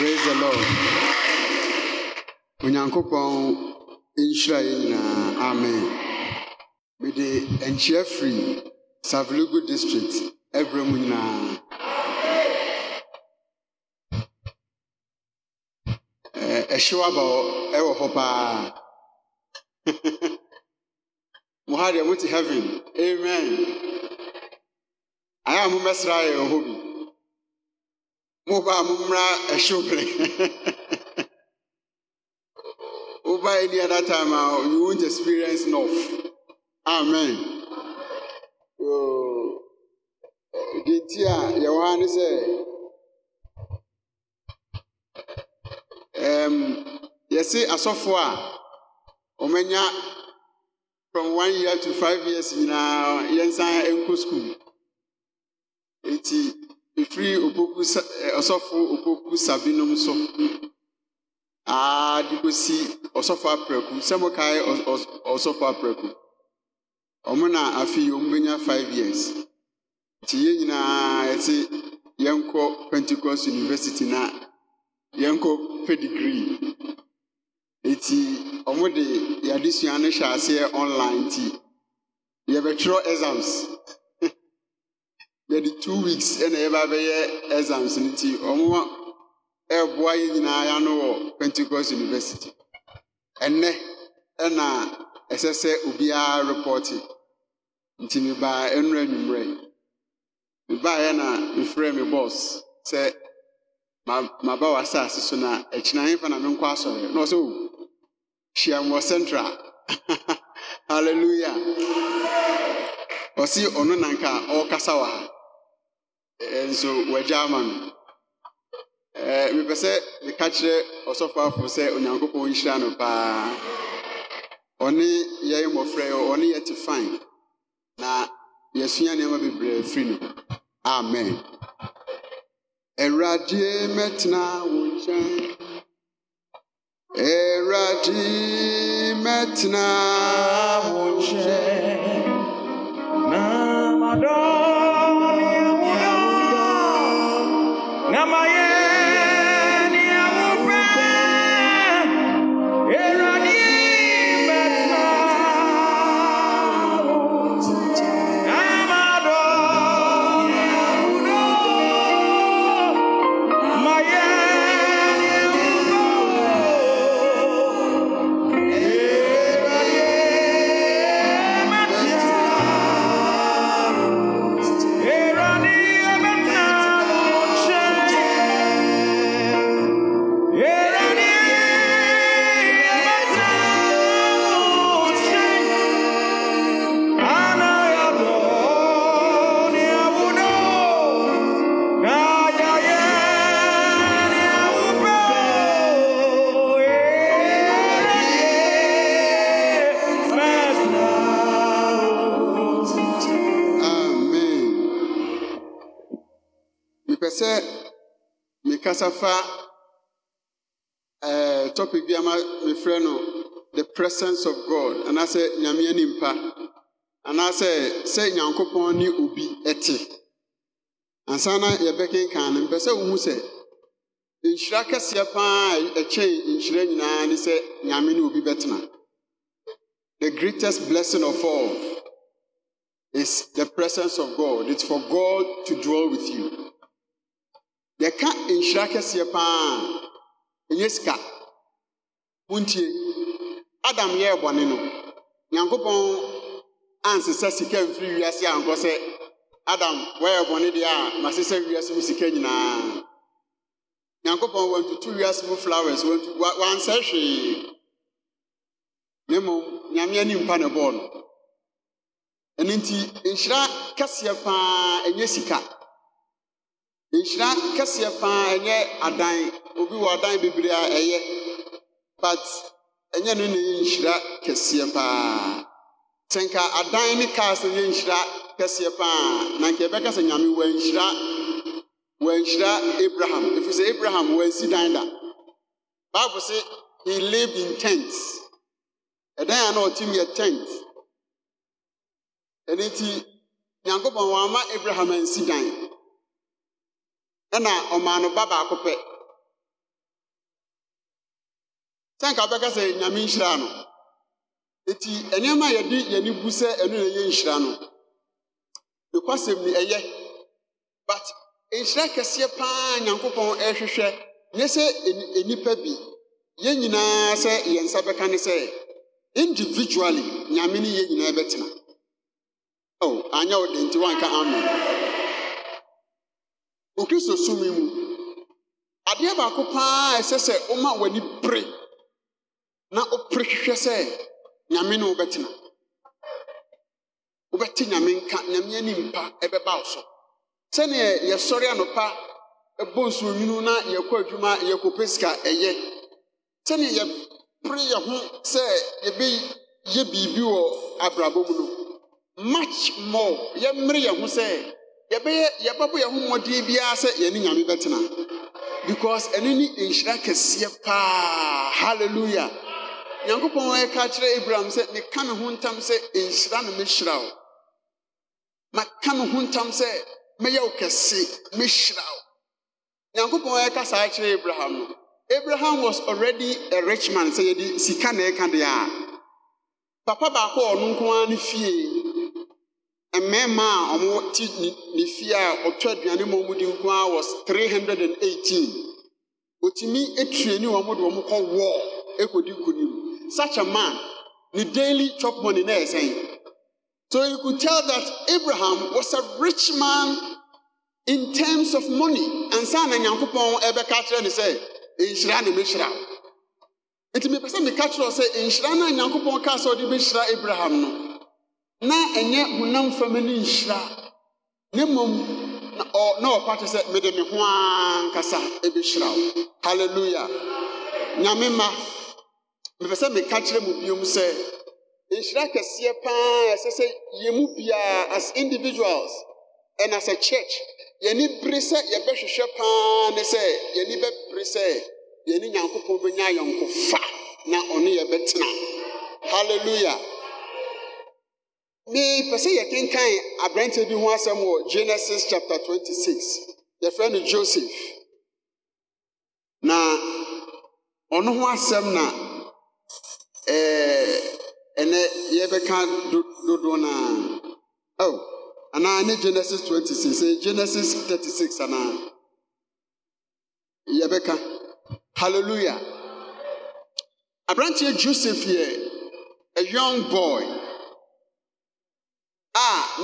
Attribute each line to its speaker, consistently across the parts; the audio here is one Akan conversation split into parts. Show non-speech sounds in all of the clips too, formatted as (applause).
Speaker 1: praise the lord onyankopɔn nhyira anyị nyinaa amen mede nkyea firi savlugu district ɛbrɛ mu nyinaa ɛhyew aba hɔ ɛwɔ hɔ paa (laughs) mo ha deɛ mote heaven amen ayɛ a mommɛsra yɛ wɔ hɔ bi mohɔ a mommra hyore woba ɛniada time a uh, yo wont experience nof amen denti a uh, yɛwɔ ha ne sɛ um, yɛse asɔfoɔ a uh, ɔmanya from one year to fiv years nyinaa yɛnsan nkɔ skuul nti ɛfiri opoku eh, ɔsɔfo opoku sabinom so aa de ọsọfọ ɔsɔfo aprɛku sɛ mokae ɔsɔfo aprɛku ọmụ na afei ɔmo bɛnya five years nti yɛn nyinaa yɛte yɛnkɔ pentecost yunivesiti na yɛnkɔ pɛ degree nti ɔmo de yɛadesua no hyɛ aseɛ online nti yɛbɛtwerɛ exams. yɛde two weeks ɛna yɛba bɛyɛ exams no nti ɔmo ɛboa yɛ nyinaa ano wɔ pentecost university ɛnɛ ɛna ɛsɛ uh, sɛ obiara repɔte nti mebaa nnura nwummerɛ mebaeɛ eh, na mefrɛ me bɔs sɛ maba w'asase so na akyina hefa na menkɔ asɔre na ɔsɛ o oh, hyia mwɔ central (laughs) hallelujah ɔse ɔno nanka ɔrekasa wɔ ha Eh, nso wɔagya ama me eh, mepɛ sɛ meka kyerɛ ɔsɔfo afo sɛ onyankopɔn nhyira no paa ɔne yɛyɛ mmɔfra yɛ ɔne yɛte fine na yɛsua nneɛma bebree firi no amen awurade mɛtena wo nkyɛn awurade mɛtena wo nkyɛn na madɔ am I? Mekasa fa ɛɛ topic bi ama mefrɛ no the presence of God anaasɛ nyame animpa anaasɛ sɛ nyankopɔn ne obi ɛte ansa na yɛbɛkenkan no mpɛ sɛ wohu sɛ nhyira kɛseɛ paa a ɛkyɛn nhyira nyinaa ne sɛ nyame ne obi bɛtena the greatest blessing of all is the presence of God. It's for God to dwell with you. yɛka nhyira kɛseɛ paa a ɛnyɛ sika wontie adam yɛrɛ bɔne no nyankopɔn anse sɛ sika mfiri wiase ankɔ sɛ adam wɔyɛ bɔne deɛ a ma se sɛ wiase m sika nyinaa nyankopɔn wɔantoto wiase m flowers awansɛehwee na mmom nyamea ne mpa ne bɔɔ no ɛno nti nhyira kɛseɛ paa ɛnyɛ sika nhyira kɛseɛ paa ɛnyɛ adan obi wɔ adan bebree a ɛyɛ but ɛnyɛ no na nhyira kɛseɛ paa kyɛnka adan ne cars ɛyɛ nhyira kɛseɛ paa na nka ɛbɛka sɛ nyame wɔanhyira wɔanhyira abraham ɛfiri sɛ abraham wɔansi dan da bible sɛ he lived in tent ɛdan a na ɔte mu yɛ tent ɛno nti nyankopɔn wɔama abraham ansi dan ɛna ɔmaa baako pɛ sɛ nka wobɛka sɛ nyame nhyira no eti nneɛma a yɛde yɛne bu sɛ ɛno na ɛyɛ nhyira no nokwasɛm ni ɛyɛ but nhyira kɛseɛ paa nyankopɔn ɛrehwehwɛ nyɛ sɛ nnipa bi yɛn nyinaa sɛ yɛn nsa bɛka ne sɛ individually nyame ne yɛn nyinaa bɛtena oh anya wo de nti wanka amen nke so sum yi mu adeɛ baako paa ɛsɛ sɛ ɔma w'ani pere na ɔpere hwehwɛ sɛ nyame ne wobɛtena wobɛte nyame nka nyame ani mpa ɛbɛba wo so sɛneɛ yɛsɔre anɔpa ɛbɔ nsuo nwunu na yɛkɔ adwuma yɛkɔpɛ sika ɛyɛ sɛneɛ yɛpere yɛ ho sɛ yɛbɛyɛ biribi wɔ abrabɔ mu no much more yɛmmere yɛn ho sɛ yɛbɛyɛ yɛbɛbɔ yɛn ho mmɔden biara sɛ yɛne nyame bɛtena because ɛno ne nhyira kɛseɛ paa hallelujah nyankopɔn ɛka kyerɛ abraham sɛ meka me ho ntam sɛ nhyira na mehyira wo maka me ho ntam sɛ mɛyɛ wo kɛse mehyira wo nyankopɔn ɛka saa kyerɛ abraham no abraham was already a rich man sɛ yɛde sika na ɛka deɛ a papa baako a ɔno nko ara ne fie mmarima a wɔte ne fie a ɔtɔ aduane ma wɔn di nko ara wɔ three hundred and eighteen otumi etue ne wɔn de wɔn kɔ wɔɔ ekodi such a man ne daily chop money na ɛsɛn so you could tell that abraham was a rich man in terms of money ansa na nyankopɔn ɛbɛka kyerɛ ne sɛ nhyira ne mehyira nti mepɛ sɛ meka kyerɛ sɛ nhyira no a kaa sɛ ɔde abraham no na ɛnyɛ honam fam ne nhyira ne mmom na ɔpa te sɛ mede me ho ankasa ɛbɛhyira wo halleluya nyame ma mepɛ sɛ meka kyerɛ mu biom sɛ nhyira kɛseɛ paa ɛsɛ sɛ mu as individuals and as a church yɛni bere sɛ yɛbɛhwehwɛ paa ne sɛ yɛni bɛbere sɛ yɛni nyankopɔn bɛnya ayɔnkofa na ɔne yɛbɛtena halleluya mepɛ sɛ yɛkenkan aberante bi ho asɛm wɔ genesis chapter 26 yɛfrɛ no joseph na ɔno ho asɛm na ɛnɛ yɛbɛka dodoɔ naa oh, anaa ne genesis 26 eh, genesis 36 anaa yɛbɛka hallelujah aberanteɛ joseph ye a young boy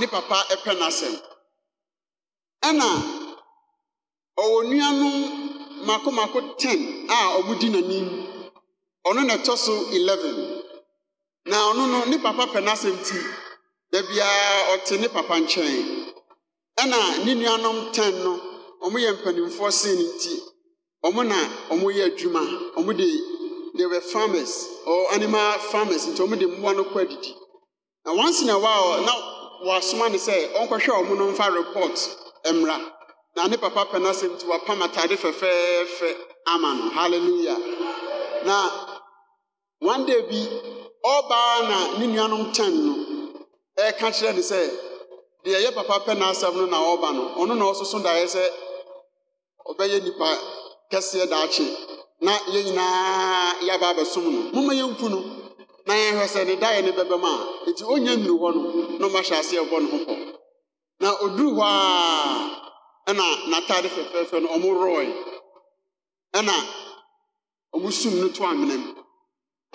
Speaker 1: ne papa pɛ n'asɛm ɛna ɔwɔ mako mako ten a ɔmo ɔmodi n'anim ɔno na ɛtɔ so eleven na ɔno no ne papa pɛ n'asɛm ti baabiara ɔte ne papa nkyɛn ɛna ne nua nuanom ten no ɔmo yɛ mpanimfoɔ sen ne ti ɔmo na ɔmo yɛ adwuma wɔde they were farmers or animal farmers nti wɔde mmoa no kɔ adidi na once in a while na. W'asoma ne sɛ ɔnkɔhwɛ ɔmo no mfa report mmra na ne papa pɛ n'asɛm nti wapam atade fɛfɛɛfɛ ama no hallelujah na one day bi ɔbaa na ne nuanom kyɛn no ɛka kyerɛ ne sɛ deɛ ɛyɛ papa pɛ n'asɛm no na ɔba no ɔno na ɔsoso daeɛ sɛ ɔbɛyɛ nipa kɛseɛ daakye na yɛn nyinaa yɛaba abɛsom no moma yɛnku no na yɛhwɛ sɛ ne daeɛ ne bɛbɛm a nti ɔnya nnuru hɔ no na ɔmahyɛ aseɛ bɔ ne ho pɔ na ɔduru hɔ a ɛna n'ataade fɛfɛɛfɛ no ɔmo rɔɔe ɛna ɔmo sum no to amena mu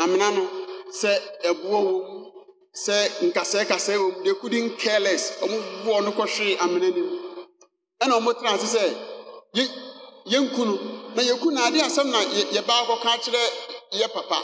Speaker 1: amena no sɛ ɛboɔ wɔ mu sɛ nkasɛɛkasɛɛ wɔ mu they couldn't care less ɔmo boɔ no kɔhwee amena no mu ɛna ɔmo tena ase sɛ yɛ yɛnku no na yɛku na adeɛ asɛm na yɛ yɛbaa kɔka kyerɛ yɛ papa.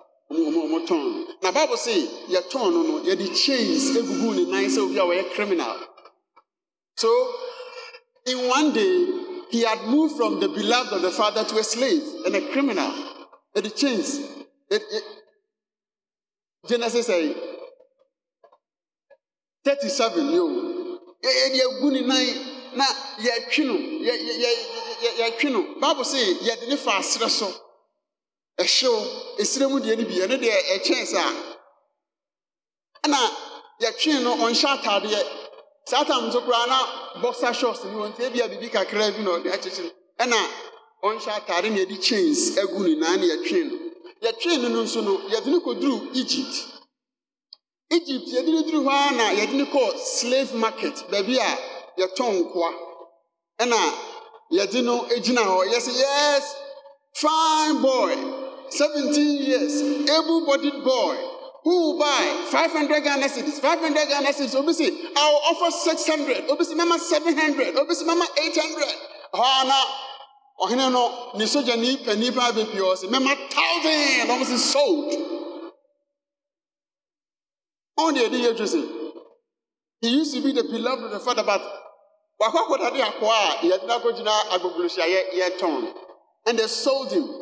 Speaker 1: na bible say turn, no no the chains in, I say, you are a criminal so in one day he had moved from the beloved of the father to a slave and a criminal the chains it, it, genesis say eh, thirty seven yo yɛde egu ne nan na yɛtwi no criminal. yɛ yɛ yɛtwi no bible say yɛde ne the asrɛ ɛhyew esire mu deɛ no bi ɛno deɛ ɛkyɛn saa ɛna yɛtwee no ɔnhyɛ ataadeɛ saa tam nso koraa na bɔksa shorts ni wɔn ti ebi a bibi kakra bi na ɔde akyekyere ɛna ɔnhyɛ ataade na yɛde chains agu ne nan na yɛtwee no yɛtwee no no nso no yɛde no kɔduru egypt egypt yɛde no duru hɔ ara na yɛde no kɔ slave market beebi a yɛtɔn nkoa ɛna yɛde no egyina hɔ yɛsɛ yes fine boy. 17 years, able bodied boy, who will buy 500 Ghana cedis, 500 Ghana cedis, obisi, I'll offer 600, obisi, mama 700, obisi, mama 800. Hana, ɔhene no ni ne sogyani ni pa be ɔ sɛ mɛma thousand ɔmo se sold ɔn deɛ ɛde yɛ adwe he used to be the beloved of the father but he had not akɔ a yɛgyina akɔgyina agboglohyia yɛtɔn and they sold him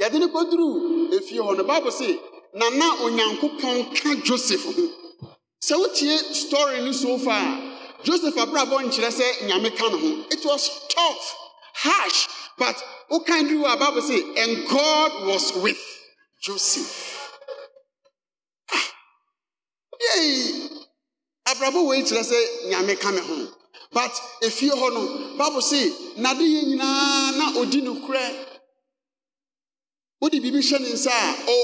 Speaker 1: yɛde ne kɔduruu efie hɔ no bible say na na onyankopɔn ka joseph ho sɛ wotie story so far joseph abrabɔ nkyerɛ sɛ nyame ka ne ho it was tough harsh but wokan duru a bible say and god was with joseph ah yei abrabɔ wei kyerɛ sɛ nyame ka me ho but efie hɔ no bible say nade yɛ na odi wode biribi hyɛ ne nsa a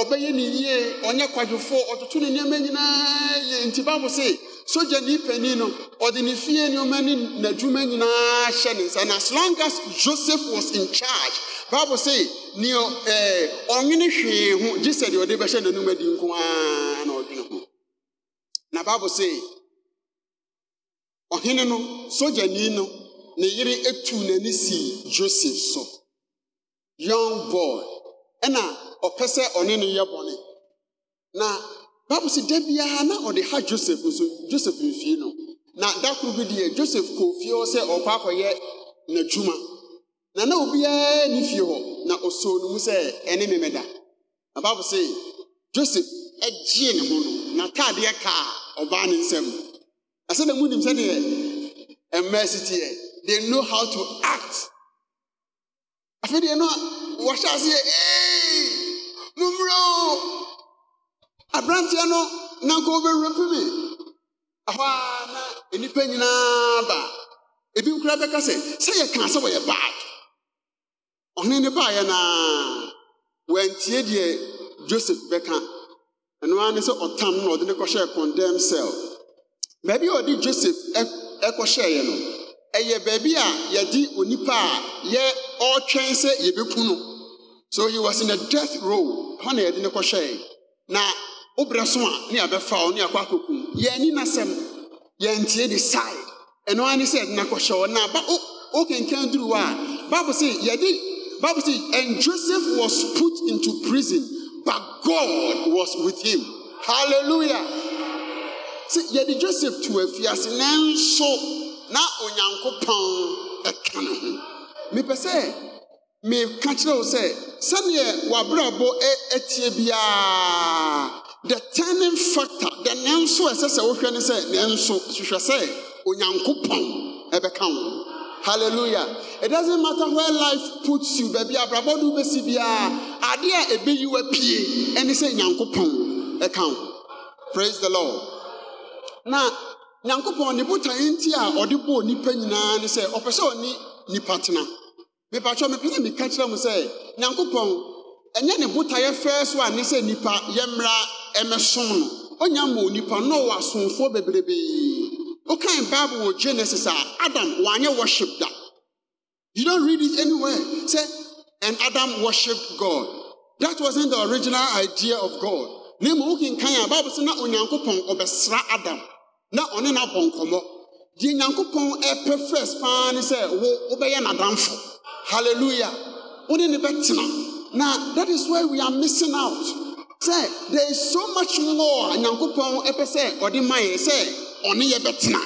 Speaker 1: ɔbɛyɛ ne yie ɔnyɛ kwadwofoɔ ɔtoto ne nneɛma nyinaa yɛ nti bible se sogyani panin no ɔde ne fie nneɛma ne n'adwuma nyinaa hyɛ ne nsa na as long as joseph was in charge bible se nea ɛɛ ɔnwene hwee ho gye sɛ deɛ ɔde bɛhyɛ n'anum adi nko ara na ɔdwene ho na bible se ɔhene no sogyani no ne yere etu n'ani si joseph so young boy. ɛna ɔpɛ sɛ ɔne ne yɛ bɔne na bible sɛ da biara na ɔde ha joseph nso joseph mfie no na da koro bi deɛ joseph kɔɔ fie hɔ sɛ ɔkɔ akɔyɛ n'adwuma na na obiara ne fie hɔ na ɔsoo no mu sɛ ɛne memeda na bible sɛ joseph ɛgyee ne ho no n'ataadeɛ kaa ɔbaa ne nsam na sɛdeɛ munim sɛdeɛ mmaa si they know how to act afei deɛ no wɔhyɛ aseɛ mummerɛ o aberanteɛ no nanka wɔbɛwura pimi ɛhɔ a na nnipa nyinaa ba ebi nkura bɛka sɛ sɛ yɛka sɛ wɔyɛ baag ɔhene ne baayɛ naa wɔantie deɛ joseph bɛka ɛno ara ne sɛ ɔtam na ɔde ne kɔhyɛɛ condemn cell baabi a ɔde joseph ɛkɔhyɛeɛ no ɛyɛ baabi a yɛde onipa a yɛ ɔretwɛn sɛ be puno, so he was in a death row hɔ na yɛde ne kɔhyɛe na wobrɛ so a ne yɛbɛfa wo ne yɛkɔ akɔku yɛani nasɛm yɛntie de sae ɛno ara ne sɛ yɛde no akɔhyɛ na ba bible bible and joseph was put into prison but god was with him hallelujah See, yadi joseph to afiase nanso na onyankopɔn ɛka mepɛ sɛ meka kyerɛ wo sɛ sɛdeɛ w'abrabɔ e biara the turning factor the nanso a ɛsɛ sɛ wohwɛ ne sɛ nanso hwehwɛ sɛ onyankopɔn ɛbɛka wo hallelujah it doesn't matter where life puts you baabi abrabɔ no wobɛsi biara adeɛ a ɛbɛyi wo apie ɛne sɛ nyankopɔn ɛka wo praise the lord na nyankopɔn ne botaeɛ nti a ɔde bɔɔ nnipa nyinaa ne sɛ ɔpɛ sɛ ɔne nipa tena mepatwa mepɛ meka kyerɛ mu sɛ nyankopɔn ɛnyɛ ne enya fɛɛ so a ne sɛ nipa yɛmmra ɛmɛsom no ɔnya ma onipa na ɔwɔ asomfoɔ bebrebee wokan bible wɔ genesis a adam wanyɛ worship da you don't read it anywhere sɛ and adam worship god that wasn't the original idea of god Ni mmom wokenkan a bible sɛ na onyankopɔn ɔbɛsra adam na ɔne na abɔ deɛ nyankopɔn ɛpɛ first paa ne sɛ wo wobɛyɛ n'adamfo hallelujah wode ne bɛtena na that is where we are missing out sɛ there is so much more nyankopɔn ɛpɛ sɛ ɔde ma yɛ sɛ ɔne yɛ bɛtena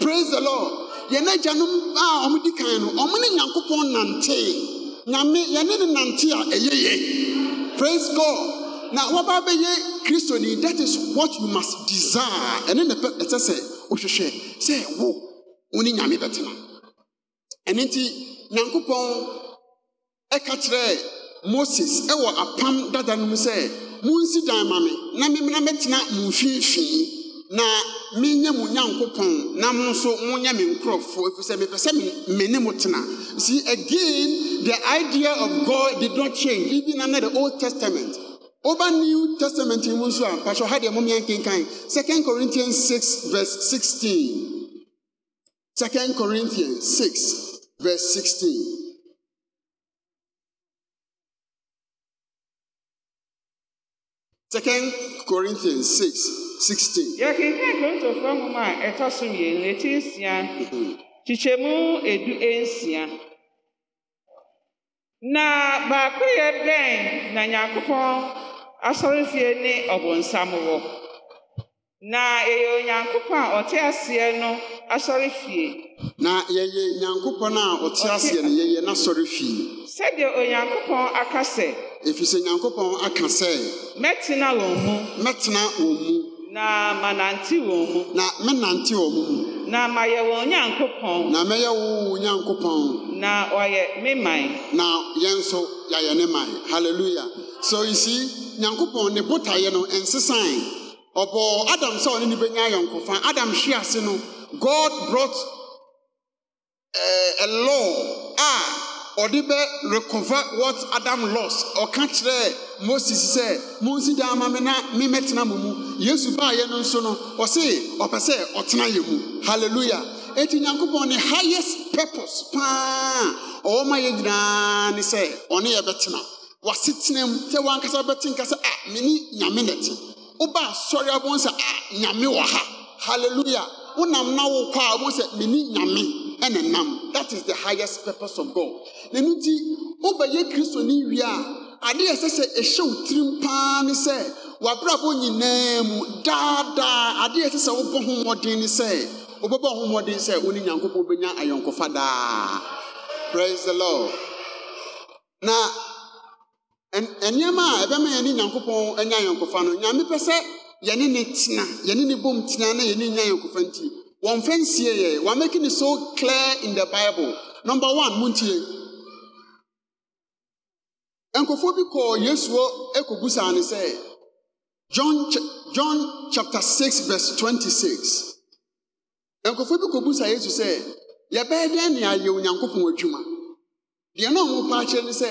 Speaker 1: praise the lord yɛn agyanom a wɔn di kan no wɔn ne nyankopɔn nante nyame yɛn ne nante a ɛyɛ yɛ praise god na wɔba abɛyɛ kristoni that is what you must desire ɛne ne pɛ ɛsɛ sɛ wohwehwɛ sɛ wo wo ne nyame bɛtena ɛno nti nyankopɔn ɛka kyerɛɛ moses ɛwɔ apam dada no mu sɛ monsi dan ma me na memena mɛtena mo mfimfini na menyɛ mo nyankopɔn na mo nso monyɛ me nkurɔfoɔ ɛfiri sɛ mepɛ sɛ me ne mo tena see again the idea of god did not change even under the old testament over new testament mu nso a pastor ha deɛ momeɛ nkenkan 2 corinthians 6 16 corinthians 6 verse 16 Second Corinthians 6, 16. yɛkenkan korintofoɔ nwoma a ɛtɔ so mmienu eti nsia kyikyɛmu edu ensia na baako yɛ bɛn na nyankopɔn asɔrefie ne ɔbonsam wɔ na ɛyɛ onyankopɔn a ɔte aseɛ no asɔrefie na yɛyɛ nyankopɔn a ɔte aseɛ no yɛyɛ n'asɔre Sede sɛdeɛ onyankopɔn aka sɛ ɛfiri sɛ nyankopɔn aka sɛ mɛtena wɔn mu mɛtena wɔn mu na manante wɔn mu na menante wɔn mu na mayɛ wɔn nyankopɔn na mɛyɛ wo nyankopɔn na ɔyɛ me man na yɛn nso yɛayɛ ne man hallelujah so you see nyankopɔn ne botaeɛ no nsesae ɔbɔɔ adam sɛ ɔne ne bɛnya ayɔnkofa adam hwe ase no god brought uh, a law a ɔde bɛ recover what adam lost ɔka kyerɛɛ moses sɛ monsi dan ama me na me mɛtena mo mu yesu baayɛ no nso no ɔse ɔpɛ sɛ ɔtena yɛ mu hallelujah eti nyankopɔn ne highest purpose paa ɔwɔ ma yɛ nyinaa ne sɛ ɔne yɛbɛtena wasetena mu sɛ wankasa bɛte nka sɛ a ah, mene nyame na te woba asɔre abɔ sɛ a ah, nyame wɔ ha hallelujah wonam na wokɔ a wobɔ sɛ mene nyame ɛne nam that is the highest purpose of god na ɛno nti wobɛyɛ kristoni wie a adeɛ ɛsɛ sɛ ɛhyɛ wo tirim paa ne sɛ wabrabɔ nyinaa mu daadaa adeɛ ɛsɛ sɛ wobɔ ho mmɔden ne sɛ wobɛbɔ ho mmɔden sɛ wo ne nyankopɔn bɛnya ayɔnkofa daa praise the lord na nnoɔma a ɛbɛma yɛne nyankopɔn anya ayɔnkofa no nyame pɛ sɛ yɛne ne tena yɛne ne bom tena na yɛne nya ayɔnkofa nti wɔmfa nsie yɛ wɔn making it so clear in the bible number one mo ntie nkurɔfoɔ bi kɔɔ yesu hɔ ekɔbusaa ne sɛ john john chapter six verse twenty six nkurɔfoɔ bi kɔbusaa yesu sɛ yɛbɛyɛ dɛn ne ayɛ onyankopɔn adwuma deɛ naa wɔn pa ne sɛ.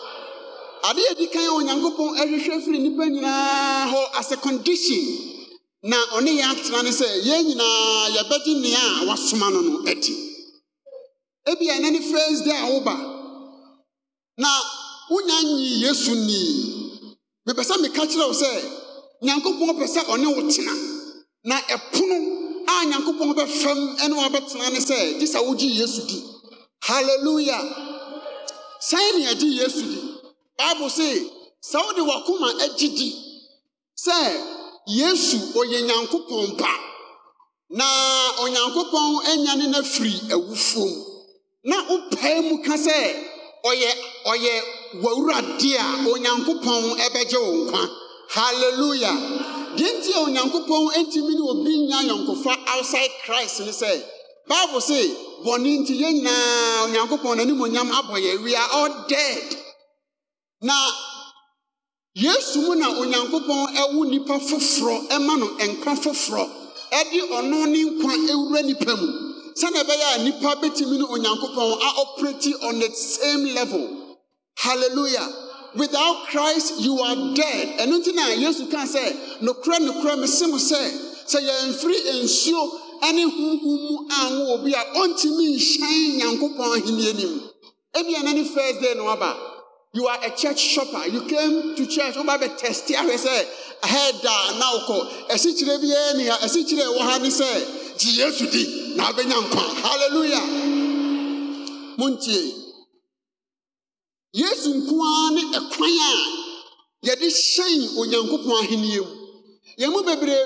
Speaker 1: adeɛ adi kan a onyankopɔn ahwehwɛ firi nnipa nyinaa hɔ asɛ condition na ɔne yɛn atena ne sɛ yɛn nyinaa yɛbɛgye nea a wasoma no no adi ebia ɛnɛ ne first day a woba na wonya nyi yesu nii mepɛ sɛ meka kyerɛ wo sɛ nyankopɔn pɛ sɛ ɔne wo tena na ɛpono a nyankopɔn bɛfam ɛne wabɛtena ne sɛ gye sa wogye yesu di halleluya sɛn ne agye yesu di bible se sɛ wode w'akoma agyidi sɛ yesu ɔyɛ nyankopɔn ba na onyankopɔn anya ne no afiri awufuom na wopae mu ka sɛ ɔyɛ ɔyɛ w'awurade a onyankopɔn ɛbɛgye wo nkwa halleluya deɛ nti a onyankopɔn ntumi ne obi nya ayɔnkofa outside christ ne sɛ bible se bɔne nti yɛn nyinaa onyankopɔn n'animonyam abɔ yɛ we are all dead na yesu mu na onyankopɔn ɛwo nipa foforɔ ɛma no nkwa foforɔ ɛde ɔno ne nkwa ewura nipa mu sɛnɛ ɛbɛyɛ a nipa betumi ne onyankopɔn a operate on the same level hallelujah without christ you are dead ɛno ti na yesu kan sɛ nokura nokura mi si mu sɛ sɛ yɛnfiri nsuo ɛne huhu mu anwo obi a ɔntumi nhyɛn nyankopɔn ahimie nim ebi yɛn nani first day na waba. You are a church shopper. You came to church. Oh my, bẹ tẹ̀sítì I sẹ́, ẹ̀ẹ́dà náà kọ, ẹ̀sìkyerẹ bi yẹn nìyà, ẹ̀sìkyerẹ wọ ha ni sẹ́, jì Yéṣu di, náà bẹ nya Hallelujah. Mo n tie. Yéṣu nkoa ne ɛkwan a yɛde hyɛn Onyankopɔn ahenni mu. Yɛn mu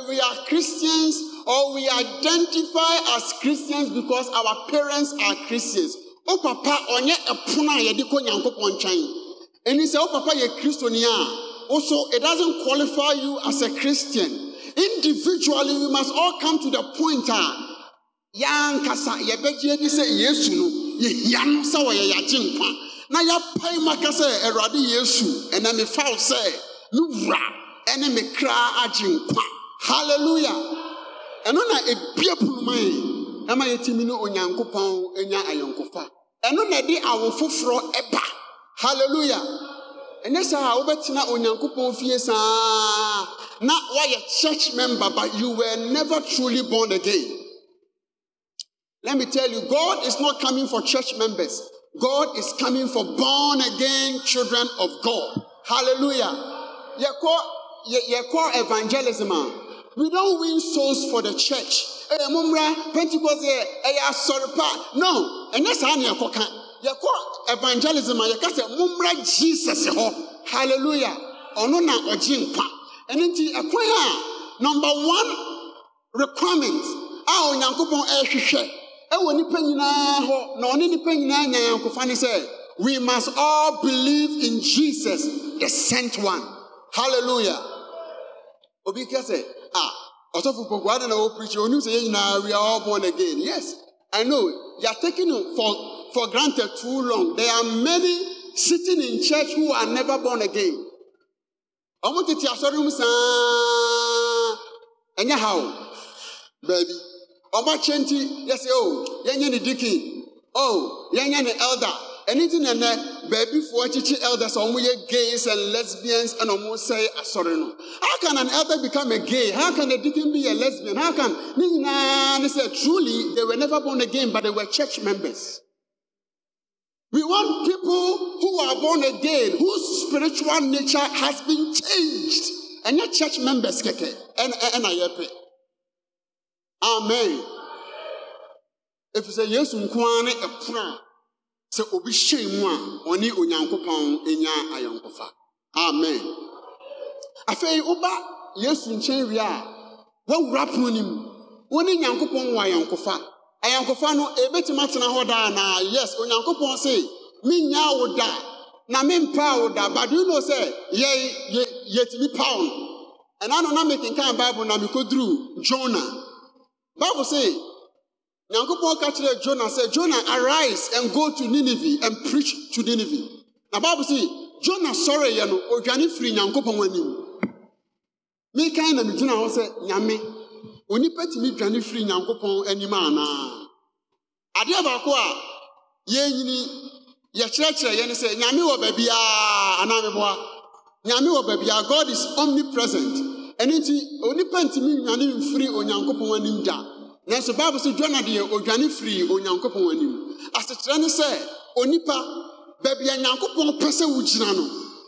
Speaker 1: we are Christians or we identify as Christians because our parents are Christians. Ó papa onye ɛpono a yɛde kɔ Onyankopɔn nkyɛn. And he said, Oh, Papa, you're Christian. Also, it doesn't qualify you as a Christian. Individually, we must all come to the point. Ah, Yan kasa, yebegye di sɛ yesu no, yehia no sɛ wɔyɛ yagye nkwa. Na yɛapae mu aka sɛ Awurade Yesu, ɛna mefaw sɛ me wura ɛne me kra agye nkwa. Hallelujah. Eno na e ebie puluma yi, ɛma yɛtumi ne Onyankopɔn anya fa. Eno na ɛde awo fro eba." Hallelujah! And halleluya ɛnyɛ sɛ a wobɛtena onyankopɔn fie saa na a church member but you were never truly born again let me tell you god is not coming for church members god is coming for born again children of god hallelujah yɛkɔ yɛkɔ evangelism we don't win souls for the church ɛyɛ mumra pentecost yɛ ɛyɛ asɔre pa no ɛnyɛ saa ne ɛkɔ kan yɛkɔ evangelism a yɛka sɛ mommra jesus hɔ halleluya ɔno na ɔgye nkwa ɛno nti ɛkwan a number one requirement a onyankopɔn ɛrehwehwɛ ɛwɔ nipa nyinaa hɔ na ɔne nipa nyinaa nya yankofa ne sɛ we must all believe in jesus the sent one halleluya obi ka sɛ a ɔsɔfo pɔkɔ ade na ɔwɔ preacher onim sɛ yɛn nyinaa we are all born again yes i know you are taking for for granted too long. There are many sitting in church who are never born again. ọmụ tete asọrọ m saa enye ha o baabi ọgbakye nti yasị o yɛnyɛ ne dikin o yɛnyɛ ne elder ɛne ti nɛnɛ baabifoɔ kyekye elders a wɔyɛ gays and lesbians not wɔsɛe asɔre no how can an elder become a gay how can a deacon be a lesbian how can They say truly they were never born again but they were church members. We want people who are born again, whose spiritual nature has been changed. And your church members, keke. And, and I Amen. If you say yes, nkwane epra. Say obi shemwa, oni onyankopon enya ayonkofa. Amen. Afei uba yes we are. a, wo wrap him. Oni nyankopon wa ayɔnkofa no ebetumi atena hɔ daa na yes onyankopɔn se menyaa wo da na mempaa wo da but you know sɛ yɛ yɛ yɛtumi paw no ɛna no na mekenkan bible na mekoduru jona Baibu se nyankopɔn ka kyerɛɛ jona sɛ jona arise and go to nineveh and preach to nineveh na baibu se jona sɔreeɛ no odwane firi nyankopɔn anim mekan na megyina hɔ sɛ nyame onipa tumi dwane firi nyankopɔn anim anaa adeɛ baako a yɛnyini yɛkyerɛkyerɛ yɛ ne sɛ nyame wɔ baabiaa anaa meboa nyame wɔ baabiaa god is omnipresent ɛno nti onipa ntumi nnwane mfiri onyankopɔn anim da nanso bible sɛ dwana deɛ odwane firi onyankopɔn anim asekyerɛ ne sɛ onipa baabi a nyankopɔn pɛ sɛ wogyina no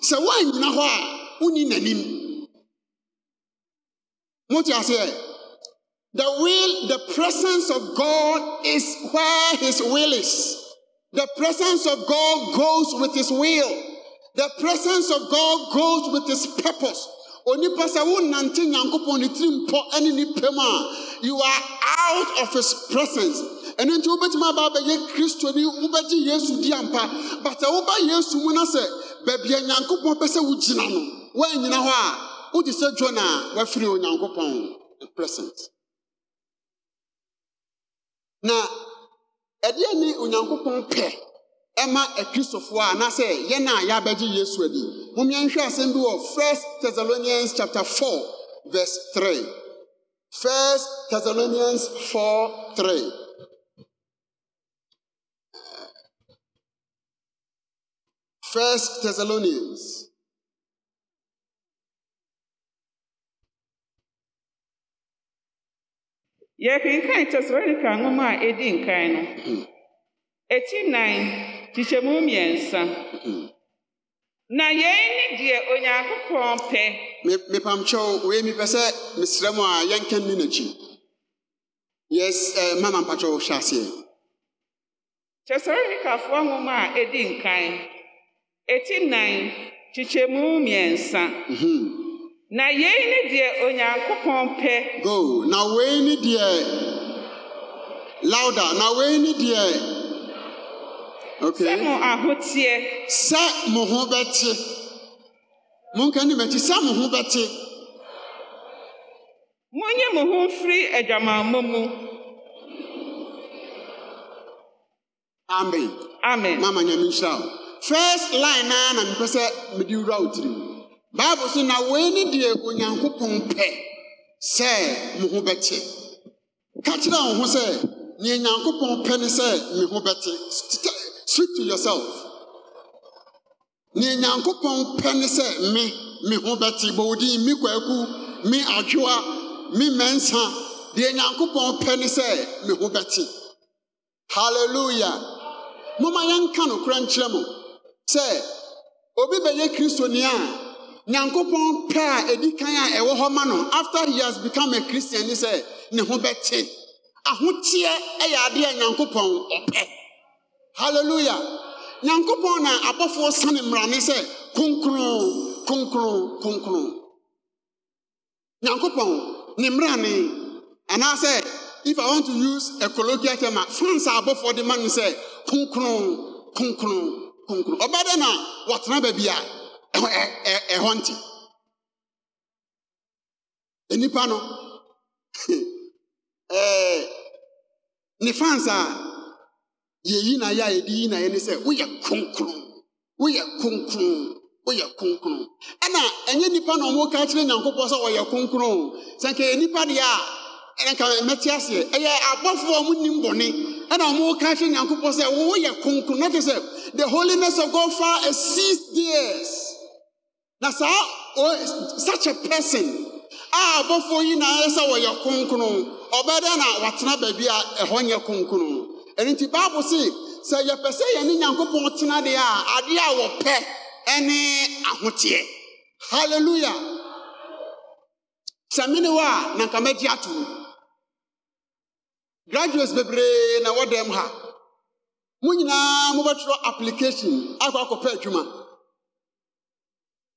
Speaker 1: sɛ woannyina hɔ a wonni n'anim mote aseɛ The will, the presence of God is where His will is. The presence of God goes with His will. The presence of God goes with His purpose. onipa sɛ wonante nyankopɔn ne tiri mpɔ you are out of his presence ɛno nti wobɛtumi aba abɛyɛ kristoni wobɛgye yesu di ampa but sɛ woba yesu mu na sɛ baabi a nyankopɔn pɛ sɛ wogyina no woannyina hɔ a wode sɛ dwona a woafiri onyankopɔn presence na ɛdeɛ ni onyankopɔn pɛ ɛma akristofoɔ a anaasɛ na ya yɛabɛgye yesu adi momeɛnhwɛ asɛm bi wɔ first thessalonians chapter 4 verse 3 first thessalonians First Thessalonians Yɛkenkan Tesalonika nwoma a ɛdi nkan no. Ekyi mmiɛnsa. Na yɛn ne deɛ Onyankopɔn pɛ. Mepamkyɛw wei mepɛ sɛ mesrɛ mu a yɛnka nni n'akyi. Yes, uh, Mama Mpakyɛw hyɛ aseɛ. Tesalonikafoɔ nwoma a ɛdi nkan. mmiɛnsa. Mhm. Na yei ne deɛ Onyankopɔn pɛ. Go. Na wei ne deɛ. Louder. Na wei ne deɛ. Okay. Sɛ mo ahoteɛ. Sɛ mo ho bɛte. Monka ne m'akyi sɛ mo ho bɛte. mụ mo ho mfiri adwamammɔ mu. Amen. Amen. Mama nyame nhyira wo. First line naa na mepɛ sɛ mede wura wo tirim. bible so na wei ne deɛ onyankopɔn pɛ sɛ mo ho bɛte ka kyerɛ wo ho sɛ nea nyankopɔn pɛ ne sɛ me ho bɛte speak to yourself nea nyankopɔn pɛ ne sɛ me me ho bɛte bɔwodin me kwaku me adwoa me mɛnsa deɛ nyankopɔn pɛ ne sɛ me ho bɛte halleluya momma yɛnka nokora obi bɛyɛ kristoni a nyankopɔn pɛ a ɛdi kan a ɛwɔ hɔ ma no after he has become a christian he sɛ ne ho bɛte ahoteɛ yɛ adeɛ a nyankopɔn ɔpɛ halleluya nyankopɔn na abɔfoɔ sane mmarane sɛ konkron konkron konkron nyankopɔn ne mmarane anaasɛ if i want to use a colloquial term a france abɔfoɔ de ma no sɛ konkron konkron konkron ɔbɛdɛ na wɔtena baabi a ɛhɔ nti nnipa no (laughs) ne fans a yɛyi na a yɛde yi na yɛ ne sɛ woyɛ kronkron woyɛ kronkron woyɛ kronkron ɛna ɛnyɛ nnipa na ɔmo ka kyerɛ nyankopɔn sɛ ɔyɛ kronkron sɛ nka nnipa deɛ a ɛnka mɛte aseɛ ɛyɛ abɔfoɔ a ɔmo nim bɔne ɛna ɔmo ka kyerɛ nyankopɔn sɛ woyɛ kronkron na kyerɛ sɛ the holiness of God far exceeds theirs na saa such a person a abɔfoɔ nyinaa sɛ wɔyɛ kronkron ɔbɛdɛ na watena baabi a ɛhɔ nyɛ kronkron ɛno nti baabu se sɛ yɛpɛ sɛ yɛne nyankopɔn tena deɛ a adeɛ a wɔpɛ ɛne ahoteɛ halleluya sɛ mene wɔ a na nka mɛgye atoo graduates bebree na wɔdɛm ha mo nyinaa mobɛtwerɛ application akɔ akɔpɛ adwuma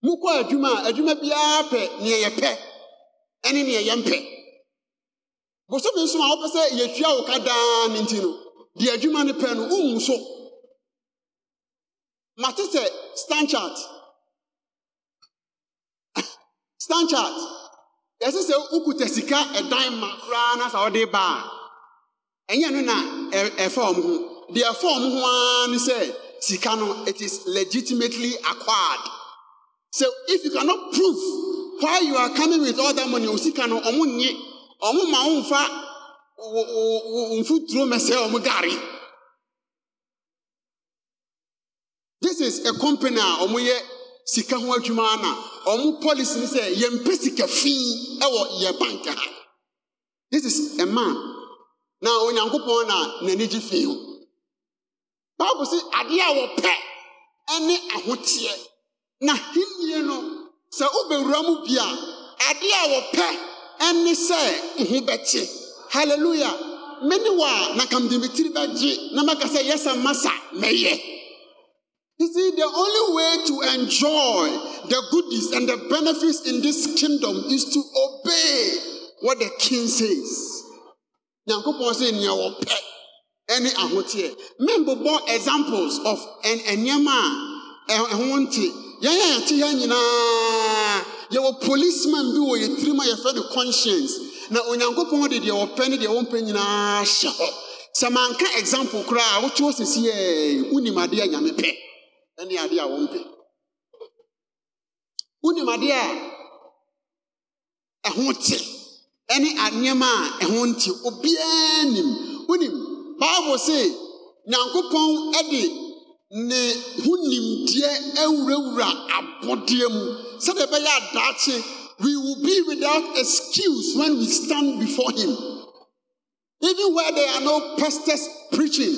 Speaker 1: mokɔ adwuma a adwuma biara pɛ neɛ pɛ ɛne neɛ yɛmpɛ bosome nso a wopɛ sɛ yɛtua wo ka daa ne nti no deɛ adwuma no pɛ no wonwu so mate sɛ stanchart (laughs) stanchart yɛsɛ sɛ wokuta sika ɛdan ma koraa na sa wode ba a ɛnyɛ no na ɛfa ɔm ho deɛ ɛfa ɔm ho ara ne sɛ sika no it is legitimately acquired So if you cannot prove why you are coming with all that money, osikano ọmụ nye ọmụ ma nfa mfuturo mese ọmụ gari. This is a company a ọmụ yɛ sika ho adwuma na ọmụ policy ni sɛ yɛn mpɛ sika fii ɛwɔ bank ha. This is a man na onyankopɔn na n'ani gye fii ho. Bible sị adeɛ a wɔpɛ ɛne ahoteɛ. n'ahenni no sɛ wobɛwura mu bi a adeɛ a wɔpɛ ne sɛ nho bɛkye halleluya me ne a na bɛgye na sɛ masa mɛyɛ You see, the only way to enjoy the goodies and the benefits in this kingdom is to obey what the king says. Nyankopɔn sɛ nea wɔpɛ ne membo Membobɔ examples of nneɛma enyama ɛho yɛn a yɛte yɛn nyinaa yɛwɔ policeman bi wɔ yɛ tirima a yɛfrɛ no conscience na onyankopɔn de deɛ wɔpɛ ne deɛ wɔmpɛ nyinaa hyɛ hɔ sɛ manka example koraa a hɔ sɛsi ɛ wonim adeɛ a nyame pɛ ɛne adeɛ a wɔmpɛ wonim adeɛ a ɛho te ɛne nneɛma a ɛho nte obiara nim wonim bible se nyankopɔn de ne ho nimdeɛ awurawura abɔdeɛ mu sɛdeɛ ɛbɛyɛ adaakye we will be without excuse when we stand before him even where there are no pastors preaching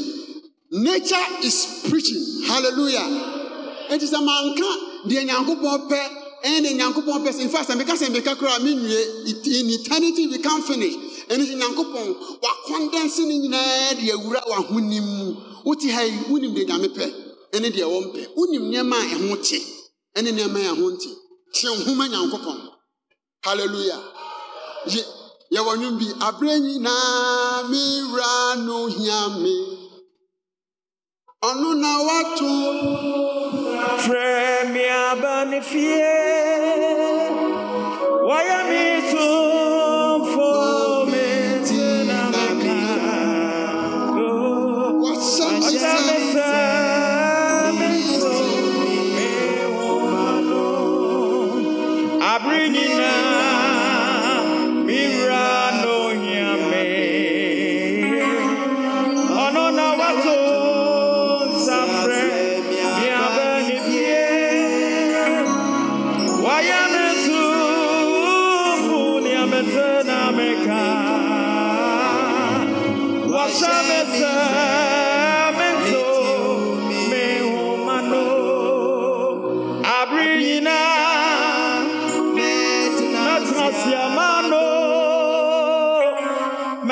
Speaker 1: nature is preaching hallelujah eti sɛ manka deɛ nyankopɔn pɛ ɛne group nyankopɔn pɛ sɛ nfa sɛ meka sɛ meka koraa me nwie in eternity we can finish ɛno nti nyankopɔn wakɔndanse no nyinaa de awura w'ahonim mu wote ha yi wonim deɛ nyame pɛ ɛne deɛ ɛwɔ mpɛ wonim nneɛma a ɛho kye ɛne nneɛma a ɛho nte teɛ nhoma nyankopɔn halleluya ye yɛwɔ nwom bi aberɛ nyinaa no hia me ɔno na wato frɛ me aba ne fie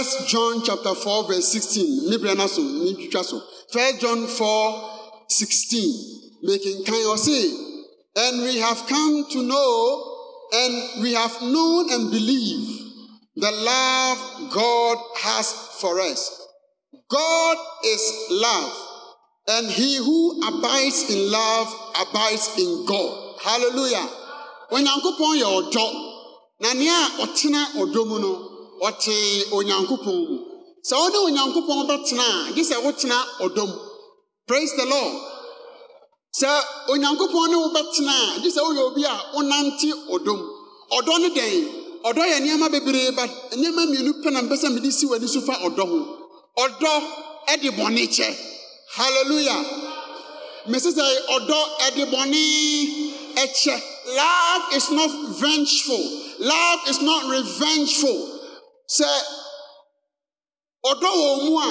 Speaker 1: First John chapter 4 verse 16. Me brana me twitwa First John 4 16. Making kind of see? and we have come to know, and we have known and believe the love God has for us. God is love, and he who abides in love abides in God. Hallelujah. When Yankopon your job, na nea otena ɔte onyankopɔn mu sɛ wone onyankopɔn bɛtena a gye sɛ wotena ɔdɔ mu praise the lord sɛ onyankopɔn ne wobɛtena a gye sɛ woyɛ obi a wonante ɔdɔ mu ɔdɔ ne dɛn ɔdɔ yɛ nneɛma bebree ba nneɛma mmienu pɛ na mpɛ sɛ mede si w'ani so fa ɔdɔ ho ɔdɔ ɛde bɔne kyɛ hallelujah mese sɛ ɔdɔ ɛde bɔne ɛkyɛ love is not vengeful love is not revengeful sɛ ɔdɔ wɔn mu a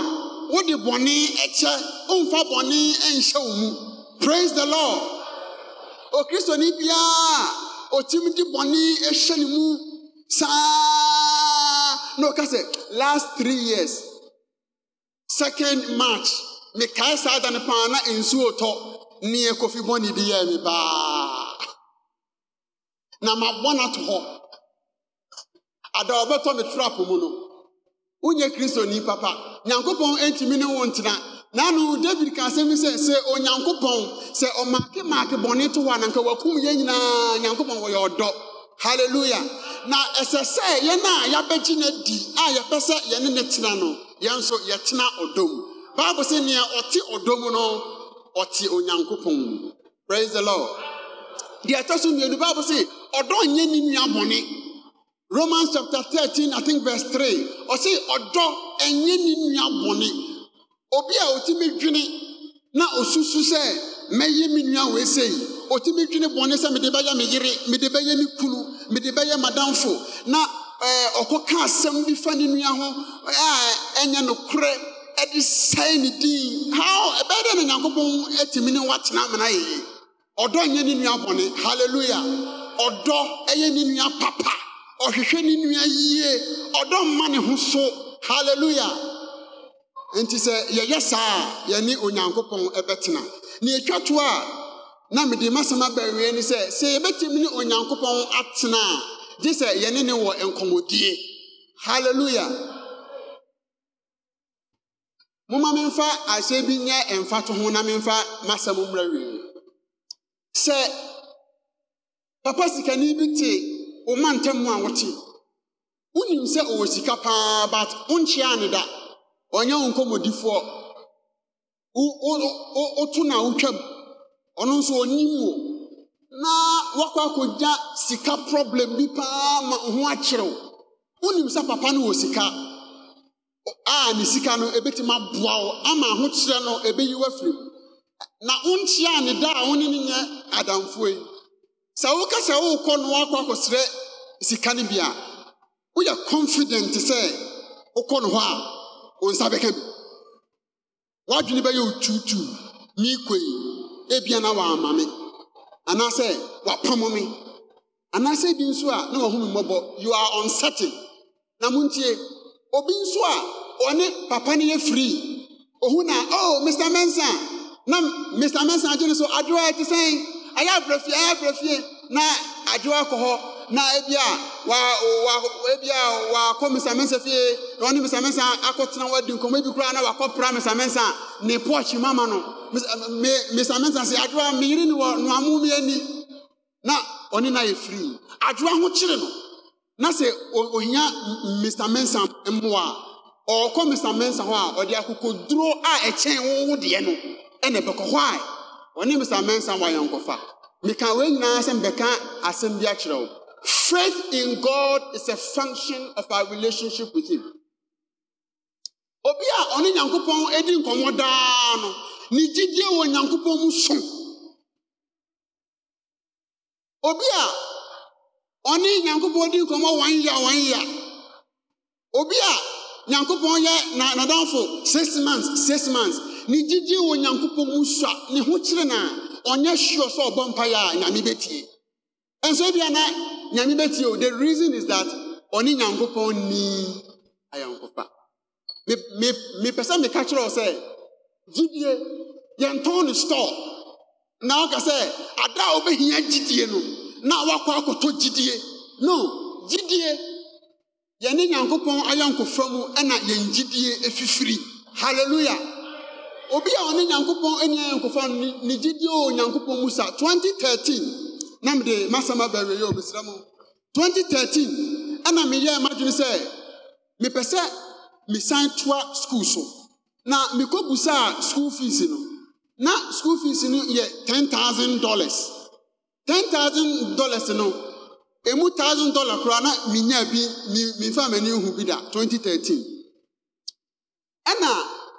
Speaker 1: wode bɔne ɛkyɛ ɔmfa bɔne ɛnhyɛ wo mu praise the lord okristoni biara a ɔtumi de bɔne ɛhyɛ ne mu saa na ɔka sɛ last three years second march mekae saa da no paa na nsuo tɔ neɛ kofi bɔne bi yɛɛ me baa na ma no ato hɔ ada ɔbɛtɔ me trap mu no wonyɛ kristoni papa nyankopɔn antumi ne wo ntena Nanu david ka asɛm sɛ sɛ onyankopɔn sɛ ɔmaake maake bɔne to hɔ ananka wakum yɛn nyinaa nyankopɔn wɔyɛ ɔdɔ halleluya na ɛsɛ sɛ yɛn a yɛabɛgye no adi a yɛpɛ sɛ yɛne ne tena no yɛn nso yɛtena ɔdɔ mu bible sɛ nea ɔte ɔdɔ mu no ɔte onyankopɔn praise the lord deɛ ɛtɔ so mmienu bible sɛ ɔdɔ nyɛ ne nua bɔne Romans chapter 13, I think verse 3. Or say, Odo, enye ni nua boni, Obi a otimi dwene na osusu sɛ mɛyɛ mi nua wei sɛyi. Otimi dwene boni sɛ mede bɛyɛ me yere, mede bɛyɛ me kunu, mede bɛyɛ madamfo. Na ɛɛ ɔkɔ ka asɛm bi fa ne nua ho a ɛnyɛ nokorɛ ɛde sɛe ne How ɛbɛyɛ dɛ na Nyankopɔn etimi ni watena na yɛyɛ. Odọ nyɛ ne nua boni. Hallelujah. Odọ ɛyɛ ne nua papa. ɔhwehwɛ ne nua yie ɔdɔ mma ne ho so halleluya enti sɛ yɛyɛ saa a yɛne onyankopɔn ɛbɛtena ne yɛtwa to a na mede masɛm abɛwie ne sɛ sɛ yɛbɛtumi ne onyankopɔn atena a gye sɛ yɛne ne wɔ nkɔmmɔdie halleluya momma memfa ahyɛ bi nyɛ ɛmfato ho na memfa masɛm mmra wie sɛ papa sikani bi te ɔma ntem mu a wote wonim sɛ ɔwɔ sika paa but wonkyea ne da ɔnyɛ wo nkɔmmɔdifoɔ woto na wotwam ɔno nso ɔnim wo na woakɔ akɔgya sika problem bi paa ma ho akyerɛ wo wonim papa no wɔ sika a ne sika no ɛbɛtumi aboa wo ama ahokyerɛ no ɛbɛyi w'afirim na wonkyea ne da a wone ne nye adamfoɔ yi sɛ woka sɛ worekɔ noa kɔ akɔsrɛ sika no bi a woyɛ confident sɛ wokɔ no hɔ a wo nsa bɛka bi w'adwene bɛyɛ otuutuu meekoi ebia na wɔama me anaasɛ wɔapamo me anaasɛ bi nso a na wɔahu me mmɔbɔ you are uncertain na montie obi nso a ɔne papa no yɛ firii ohu na oh mr mensa na mr mensa agye ne so adwoa ɛte sɛn anyị abụrụfie anyị abụrụfie na adwo akɔ hɔ na ebi a wa wa ebi a wakɔ mesamensa fie na ọ ɔne mesamensa akɔtena wadi nkɔmɔ ebi koraa na wakɔpra mesamensa ne pɔɔkye mama no me mesamensa sɛ adwo a meyiri ne wɔ noamu mi ani na ɔne na yɛ firi adwo ho kyerɛ no na sɛ ohia mesamensa mmoa ɔɔkɔ mesamensa hɔ a dị akokɔ duro a ɛkyɛn wo wo deɛ no ɛna ɛbɛkɔ hɔ a ɔne mesamɛnsa wayɔnkɔfa meka wei nyinaa sɛ mbɛka asɛm bi akyerɛ wo faith in god is a function of our relationship with him obi a ɔne nyankopɔn adi nkɔmmɔ daa no ne gyidie wɔ nyankopɔn mu so obi a ɔne nyankopɔn di nkɔmmɔ wɔn ya wɔn ya obi a nyankopɔn yɛ na nadanfo six months six months ne gyigye wɔ nyankopɔn mu sua ne ho kyerɛ na a ɔnyɛ sure sɛ ɔbɔ mpaeɛ a nyame bɛtie ɛnso bia na nyame bɛtie o the reason is that ɔne nyankopɔn ni ayɔnkofa mepɛ sɛ meka kyerɛ wo sɛ gyidie yɛntɔn no store na woka sɛ ada a wobɛhia gyidie no na woakɔ akɔtɔ gyidie no gyidie yɛne nyankopɔn ayɔnkofa mu ɛna yɛn gyidie ɛfifiri halleluya obi ɛ wɔ ne nyankopɔn anniaɛnkɔfano ne gyediɛ o nyankopɔn mu sa 20 13i na mede masama bareayɛ ɔ mɛsrɛ mu 2013i ɛna meyɛɛ magwene sɛ mepɛ sɛ mesan toa skul so na mekɔbu saa sculfees no na scufees no yɛ 10n tousan dɔlars 10n tousand dɔlars no ɛmu tousa dɔlar koraa na mennyaa bi minfa mani hu bi daa 2013ɛ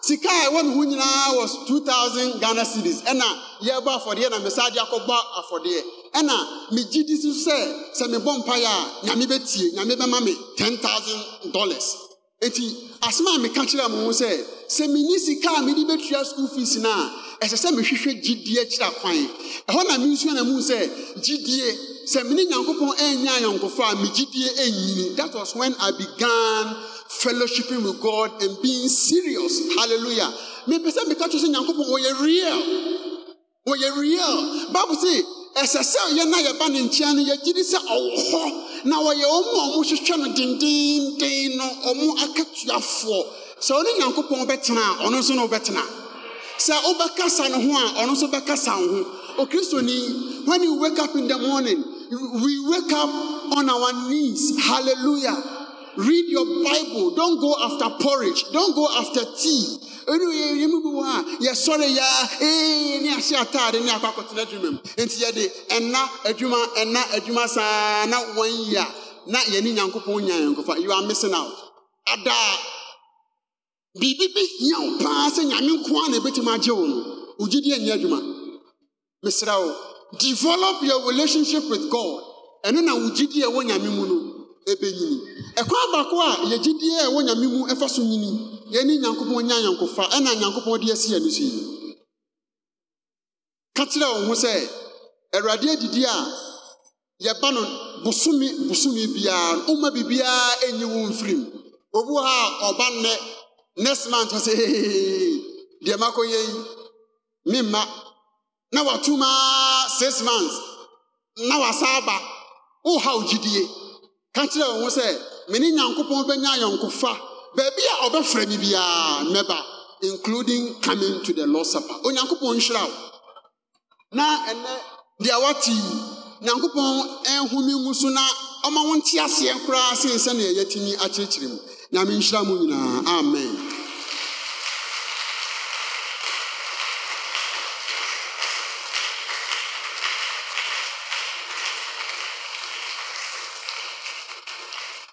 Speaker 1: sika a ɛwɔ ne ho nyinaa was two thousand ghana cedis ɛna yɛbɔ afɔdeɛ na mesa de akɔbɔ afɔdeɛ ɛna me gyi di so sɛ sɛ mebɔ mpaeɛ a nyame bɛtie nyame bɛma me ten thousand dollars eti asɛm a meka kyerɛ mo ho sɛ sɛ menni sika a mede bɛtua school fees no a ɛsɛ sɛ mehwehwɛ gyidie kyerɛ kwan ɛhɔ na mensua na mu sɛ gyidie sɛ mene nyankopɔn ɛnyɛ ayɔnkofa a me gyidie that was when i began fellowshipping with God and being serious. Hallelujah. Me pesa me catch you nyankopon we are real. We are real. Bible say ɛsɛ sɛ yɛ na yɛba ne nkyɛn no yɛgye di sɛ ɔwɔ hɔ na wɔyɛ ɔmo a ɔmo hwehwɛ no dendenden no ɔmo akatuafoɔ sɛ ɔne nyankopɔn bɛtena betina, oh, ɔno nso betina. ɔbɛtena oba ɔbɛkasa ne ho a ɔno nso bɛkasa ne ho okristoni oh, when you wake up in the morning we wake up on our knees hallelujah Read your Bible. Don't go after porridge. Don't go after tea. Yes, sorry, yeah. Any asiata, any akwakotina dwuma. Enti ye de enna adwuma, enna adwuma saa na one year. Na ye ni Nyankopɔn nya Nyankopɔn. You are missing out. Ada biribi bi hia a na ɛbɛtumi agye wo no ogyidi anyɛ adwuma mesrɛ develop your relationship with god ɛno na wogyidi a ɛwɔ nyame mu no ɛbɛnyini ɛkora baako a yɛgyidie a ɛwɔ nyame mu ɛfa so nyini yɛne nyankopɔn nya nyankofa ɛna nyankopɔn de asi yɛno so yi ka kyerɛ wo ho sɛ awurade adidi a yɛba no bosome bosome biara no woma biribiara ɛnyi wo mfirim obi ha a ɔba nnɛ next month sɛ deɛ makɔyɛ yi memma na watom a six months na wasan aba wohaw gyidie ka kyerɛ wo ho sɛ me ne nyankopɔn bɛnya ayɔnkofa baabi a ɔbɛfrɛ me biara mɛba including coming to the lord supper onyankopɔn nhyira wo na ɛnɛ deɛ wate nyankopɔn ɛnhome mu so na ɔma wo nte aseɛ koraa sen sɛnea yɛatumi akyerɛkyerɛ mu nyame nhyira mu nyinaa amen